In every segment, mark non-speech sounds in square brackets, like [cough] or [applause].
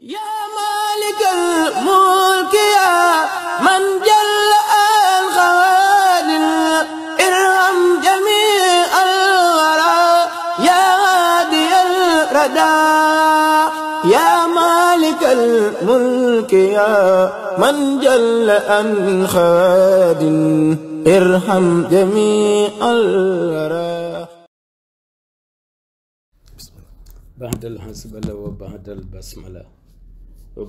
yaa maalikal mulki yaa man jalla al xawaanin irham jamii al waraa yaa haadiyal radaa yaa maalikal mulki yaa man jalla al xawaanin irham jamii al waraa بعد الحسبلة وبعد البسملة wa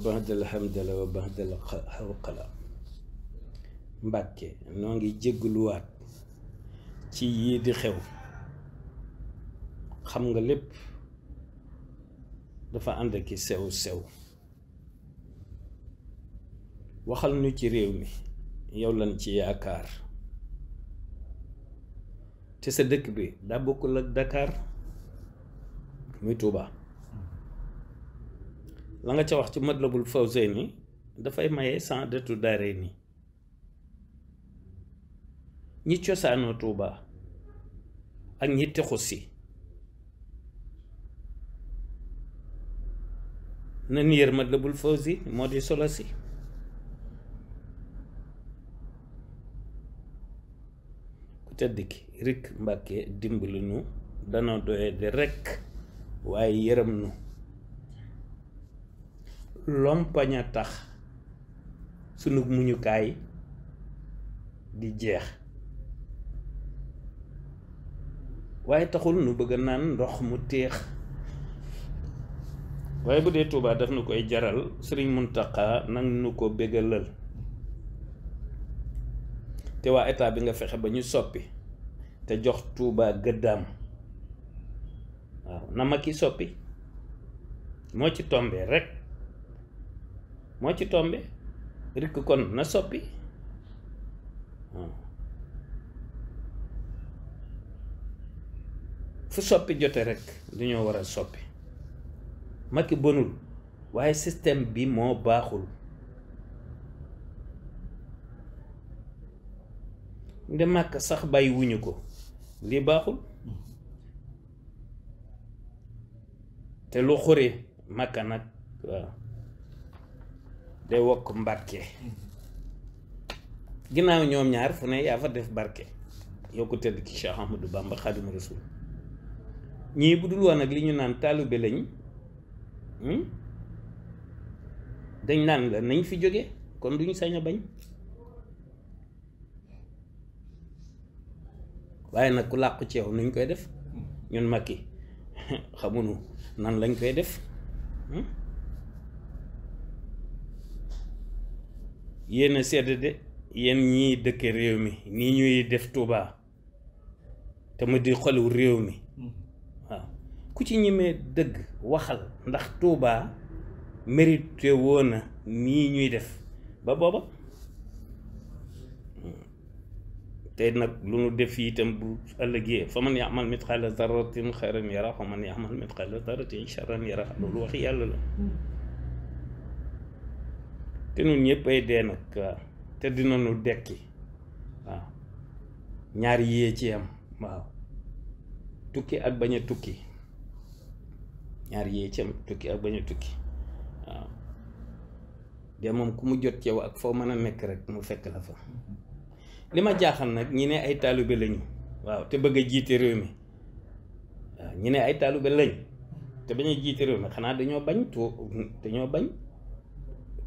baxdal noo ngi jéggluwaat ci yii di xew nga lépp dafa ànd ki sew-sew waxal nu ci réew mi yow lan ci yaakaar te sa dëkk bi daa bokkul ak Dakar muy Tuuba la nga ca wax ci Matlabul Fawzayni dafay maye sans détour daaree ni ñi cosaanoo Touba ak ñi texu si nan yër Matlabul Fawzi moo di solo si ku tedd ki rikk Mbàkke dimbali nu dana doye rekk waaye yërëm nu lompañ a tax sunu muñukaay di jeex waaye taxul nu bëgg naan ndox mu téex waaye bu dee Tuubaa daf nu koy jaral sëriñ Muntaqa nang nu ko bëggalal te waa état bi nga fexe ba ñu soppi te jox Tuubaa gëddaam waaw na ma ki soppi moo ci tombee rekk moo ci tombe rikk kon na soppi fu soppi jote rek dañoo war a soppi Macky bonul waaye système bi moo baaxul nde màkk sax bàyyi ko lii baaxul te lu xure màkka nag waaw day wokk mbarke ginnaaw ñoom ñaar fu ne yaa fa def barke yow ko tëdd ki Cheikh Ahmadou Bamba Xaadimu Rasuul ñii bu dul woon ak li ñu naan taalibe lañ hmm? dañ naan la nañ fi jóge kon duñu sañ a bañ waaye nag ku làqu ci yow nuñ koy def ñun mag [laughs] yi xamuñu nan lañ koy def hmm? yéen a sedd de yéen ñiy dëkk réew mi ni ñuy def Touba te mu di xolu réew mi mm-hmm. waaw ku ci ñemee dëgg waxal ndax Touba mérité woon na nii ñuy def ba booba mm. te nag lu nu def itam bu ëllëgee fa man yaamal mitqaala daratin xayran yara fa man yaamal mitqaala daratin charran yara loolu wax yàlla la mm-hmm. te noonu ñëpp ay dee nag waaw ah, te dinañu dekki waaw ñaari yee ci am waaw tukki ak bañ a tukki ñaar yee ci am tukki ak bañ a tukki waaw de moom ku mu jot ci ak foo mën a nekk rek mu fekk la fa li ma jaaxal nag ñi ne ay taalibe lañu waaw te bëgg a jiite réew mi waaw ñi ne ay taalibe lañ te bañ a jiite réew mi xanaa dañoo bañ to dañoo bañ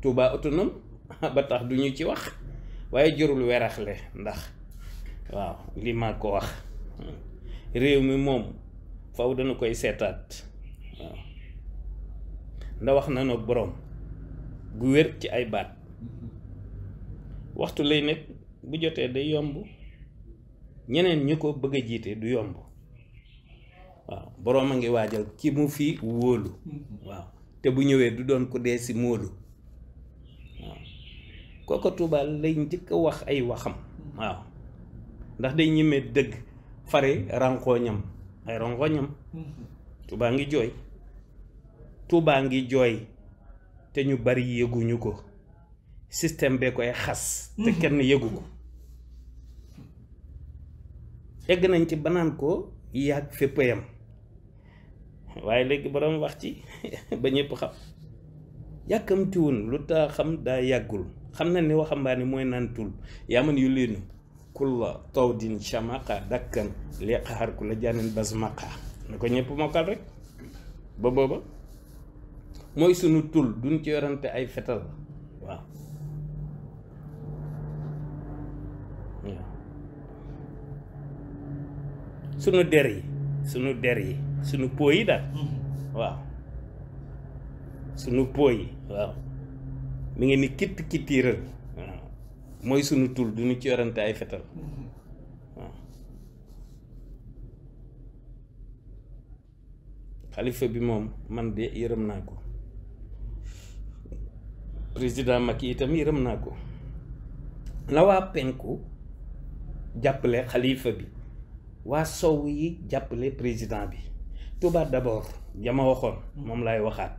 Touba autonome [laughs] ba tax du ñu ci wax waaye jërul weraxle ndax waaw lii ma ko wax réew mi moom faw dana koy seetaat waaw nda wax na noog boroom gu wér ci ay baat waxtu lay nekk bu jotee day yomb ñeneen ñu ko bëgg a jiite du yomb waaw boroom a ngi waajal ki mu fi wóolu waaw te bu ñëwee du doon ko dee si móolu kooka Touba lay njëkk a wax ay waxam waaw ndax day ñemee dëgg fare rankoñam ay rankoñam Touba ngi jooy Touba ngi jooy te ñu bari yëguñu ko système bee koy xas te mhm. kenn yëgu ko egg nañ ci banaan ko yàgg fépp waaye léegi boroom wax ci [laughs] ba ñëpp xam yàkkamtiwun lu taaxam xam daa yàggul xam na ne waxambaane mooy naan tul yaa man yu leenu kulla tawdin shamaqa dakkan li xaar ku la jaanin basmaqa na ko ñëpp mokkal rek ba booba mooy sunu tul duñ ci yorante ay fetal waaw sunu der yi sunu der yi sunu po yi daal mm-hmm. waaw sunu po yi waaw mu ngi ni kitt kittiiral waaw mooy sunu tul du ñu ci yorante ay fetal waaw xalifa bi moom man de yërëm naa ko président Macky itam yërëm naa ko la waa penku jàppale xalifa bi waa sow yi jàppale président bi Touba d'abord jama waxoon moom laay waxaat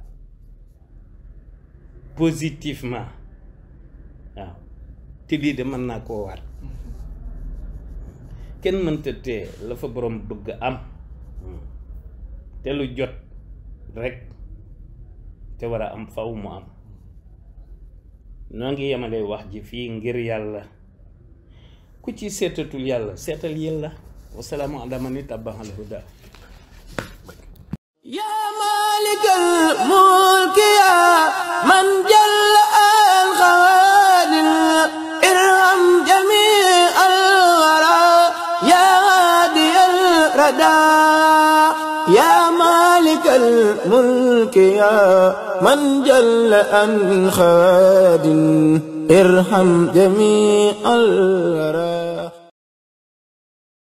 positivement waaw te lii de mën naa koo waat kenn mënta tee la fa borom bëgg am te lu jot rekk te war a am faw mu am noo ngi yemale wax ji fii ngir yàlla ku ci seetatul yàlla seetal yàlla wasalaamu ala man ittabaal huda يا مالك الملك يا من جل أن خاد ارحم جميع الورى